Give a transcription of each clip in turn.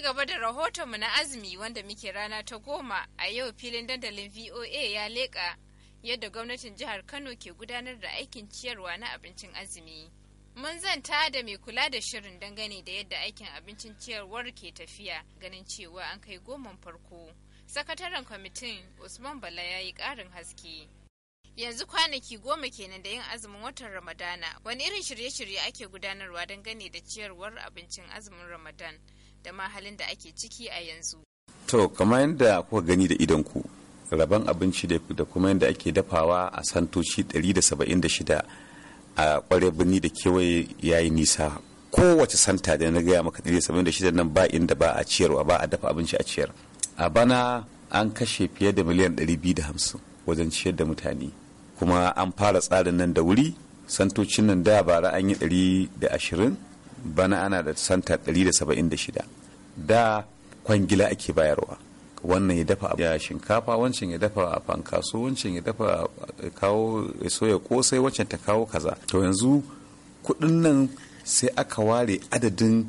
gaba da rahotonmu na azumi wanda muke rana ta goma a yau filin dandalin voa ya leƙa yadda gwamnatin jihar kano ke gudanar da aikin ciyarwa na abincin azumi mun zanta da mai kula da shirin dangane da yadda aikin abincin ciyarwar ke tafiya ganin cewa an kai goman farko sakataren kwamitin usman bala ya yi ƙarin haske yanzu kwanaki goma kenan da yin azumin watan ramadana wani irin shirye-shirye ake gudanarwa dangane da ciyarwar abincin azumin ramadan da ma halin da ake ciki a yanzu. To kamar yadda kuka gani da idan ku rabon abinci da kuma yadda ake dafawa a santoci 176 a kwarai birni da kewaye yi nisa kowace santa da na gaya maka 176 nan ba inda ba a ciyarwa ba a dafa abinci a ciyar a bana an kashe fiye da miliyan 250 wajen ciyar da mutane kuma an fara tsarin nan da wuri santocin nan da bara an yi 120 bana ana da santa 176 da kwangila ake bayarwa wannan ya dafa ya shinkafa wancan ya dafa fankaso wancan ya dafa kawo soya kosai wancan ta kawo kaza to yanzu kudin nan sai aka ware adadin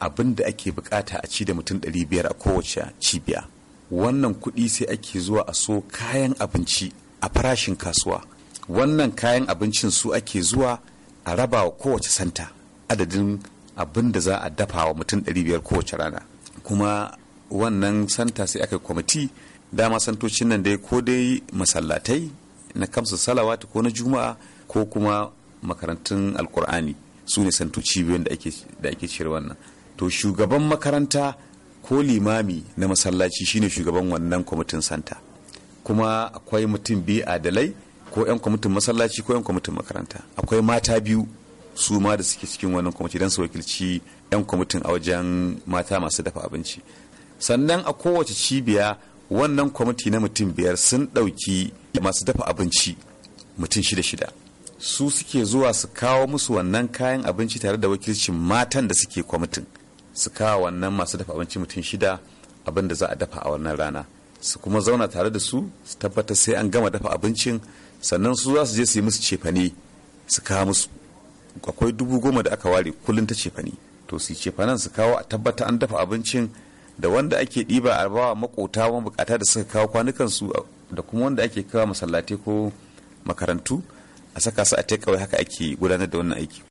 abin da ake bukata a ci da mutum 500 a kowace cibiya wannan kuɗi sai ake zuwa a so kayan abinci a farashin kasuwa wannan kayan abincin su ake zuwa a raba wa kowace santa adadin abin da za a dafa wa mutum 500 kowace rana kuma wannan santa sai aka kwamiti dama santocin nan dai ko dai masallatai na kamsa salawatu ko na juma'a ko kuma makarantun alkur'ani su ne santoci biyun da ake cire wannan to shugaban makaranta ko limami na masallaci shine shugaban wannan kwamitin santa kuma akwai mutum biyu adalai ko 'yan kwamitin masallaci ko 'yan kwamitin makaranta akwai mata biyu su ma da suke cikin wannan kwamiti don su wakilci 'yan kwamitin a wajen mata masu dafa abinci sannan a kowace cibiya wannan kwamiti na mutum biyar sun ɗauki masu dafa abinci mutum shida shida su suke zuwa su kawo musu wannan kayan abinci tare da wakilcin matan da suke kwamitin su kawo wannan masu dafa abinci mutum shida abin da za a dafa a wannan rana su kuma zauna tare da su su tabbatar sai an gama dafa abincin sannan su za su je su yi musu cefane su kawo musu akwai dubu goma da aka ware kullum ta cefani to su cefanan su kawo a tabbata an dafa abincin da wanda ake ɗiba a bawa makota bukata da suka kawo su da kuma wanda ake kawo masallatai ko makarantu a saka su a takeaway haka ake gudanar da wannan aiki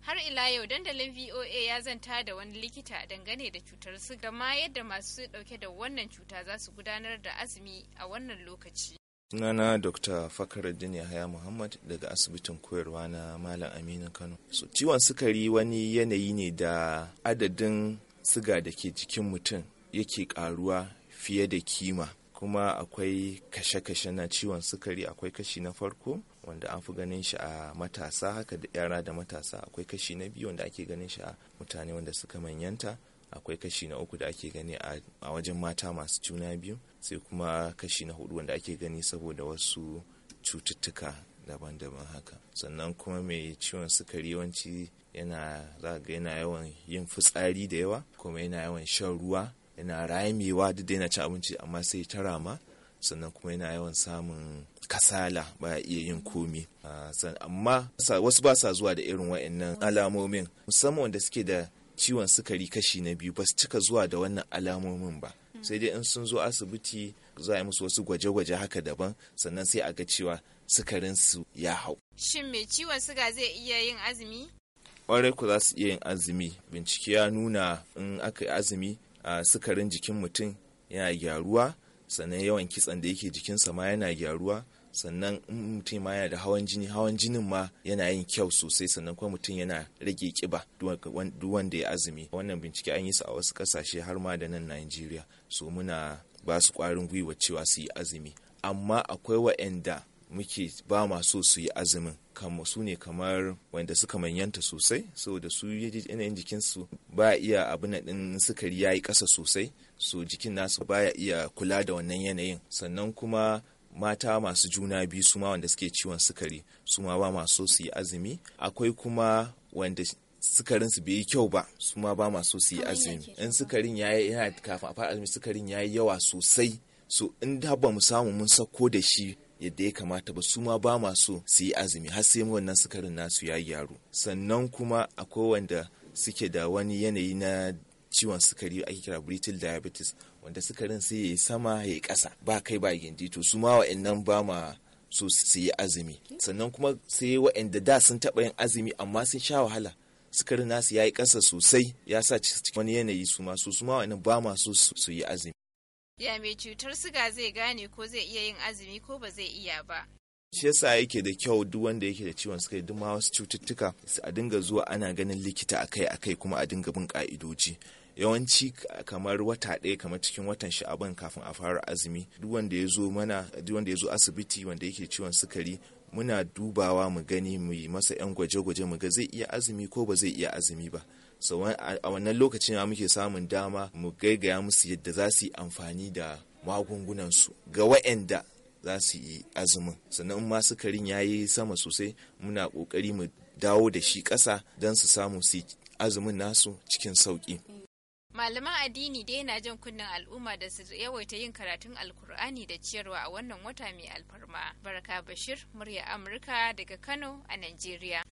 har ila yau dandalin voa ya zanta da wani likita dangane da cutar su ma yadda masu dauke da wannan cuta za su gudanar da azumi a wannan lokaci sunana dr fakaraddin yahaya muhammad daga asibitin koyarwa na malam aminu kano so, ciwon sukari wani yanayi ne da adadin siga da ke jikin mutum yake karuwa fiye da kima kuma akwai kashe-kashe na ciwon sukari akwai kashi na farko wanda an fi ganin shi a matasa haka da yara da matasa akwai kashi na biyu wanda ake ganin shi a mutane wanda suka manyanta akwai kashi na uku da ake gani a wajen mata masu juna biyu sai kuma kashi na hudu wanda ake gani saboda wasu cututtuka daban-daban haka sannan kuma mai ciwon sukari yawanci yana zaga yana yawan yin fitsari da yawa kuma yana yawan shan ruwa yana ramewa duk da yana ci abinci amma sai ta rama sannan kuma yana yawan samun kasala ba iya yin komi ah, amma wasu ba sa zuwa da irin wa'annan alamomin musamman wanda suke da ciwon sukari kashi na biyu ba su cika zuwa da wannan alamomin ba sai dai in sun zo asibiti za a yi musu wasu gwaje-gwaje haka daban sannan sai a ga cewa su ya hau shin mai ciwon suga zai iya yin azumi kwarai ku za su iya yin azumi bincike ya nuna in aka yi azumi a sukarin jikin mutum yana gyaruwa sannan yawan kitsan da yake jikinsa ma yana gyaruwa sannan in mutum ma yana da hawan jini hawan jinin ma yana yin kyau sosai sannan kuma mutum yana rage kiba duk wanda ya azumi wannan bincike an yi su a wasu kasashe har ma da nan Najeriya so muna ba su kwarin gwiwa cewa su yi azumi amma akwai wa'anda muke ba ma so su yi azumin kama su ne kamar wanda suka manyanta sosai saboda su yanayin jikinsu ba iya abin din sukari ya yi ƙasa sosai so jikin nasu baya iya kula da wannan yanayin sannan kuma mata masu juna biyu su ma wanda suke ciwon sukari su ma ba masu su yi azumi akwai kuma wanda sukarin su bai yi kyau ba su ma ba masu su yi azumi in sukarin yayi yana kafin a fara azumi sukarin yayi yawa sosai so in da ba mu samu mun sako da shi yadda ya kamata ba su ma ba masu su yi azumi har sai wannan sukarin nasu ya gyaru sannan kuma akwai wanda suke da wani yanayi na ciwon sukari ake kira brittle diabetes wanda sukarin sai ya yi sama ya yi ƙasa ba kai ba gindi to su ma wa'annan ba ma so su yi azumi sannan kuma sai wa'anda da sun taɓa yin azumi amma sun sha wahala sukarin nasu ya yi ƙasa sosai ya sa cikin wani yanayi su ma su su ma wa'annan ba ma so su yi azumi. Ya mai cutar siga zai gane ko zai iya yin azumi ko ba zai iya ba. shi yasa yake da kyau duk wanda yake da ciwon sukari duk ma wasu cututtuka a dinga zuwa ana ganin likita akai akai kuma a dinga bin ka'idoji yawanci kamar wata ɗaya kamar cikin watan sha'aban kafin a fara azumi duk wanda ya zo mana duk wanda ya zo asibiti wanda yake ciwon sukari muna dubawa mu gani mu yi masa 'yan gwaje-gwaje mu ga zai iya azumi ko ba zai iya azumi ba so a wannan lokacin muke samun dama mu gaigaya musu yadda za su yi amfani da magungunansu ga wa'anda za su yi azumin sannan in ma karin ya yi sama sosai muna ƙoƙari mu dawo da shi ƙasa don su samu su azumin nasu cikin sauƙi. Malaman addini dai na jin kunnen al'umma da su yawaita yin karatun alkur'ani da ciyarwa a wannan wata mai alfarma. Baraka Bashir, murya Amurka daga Kano a Najeriya.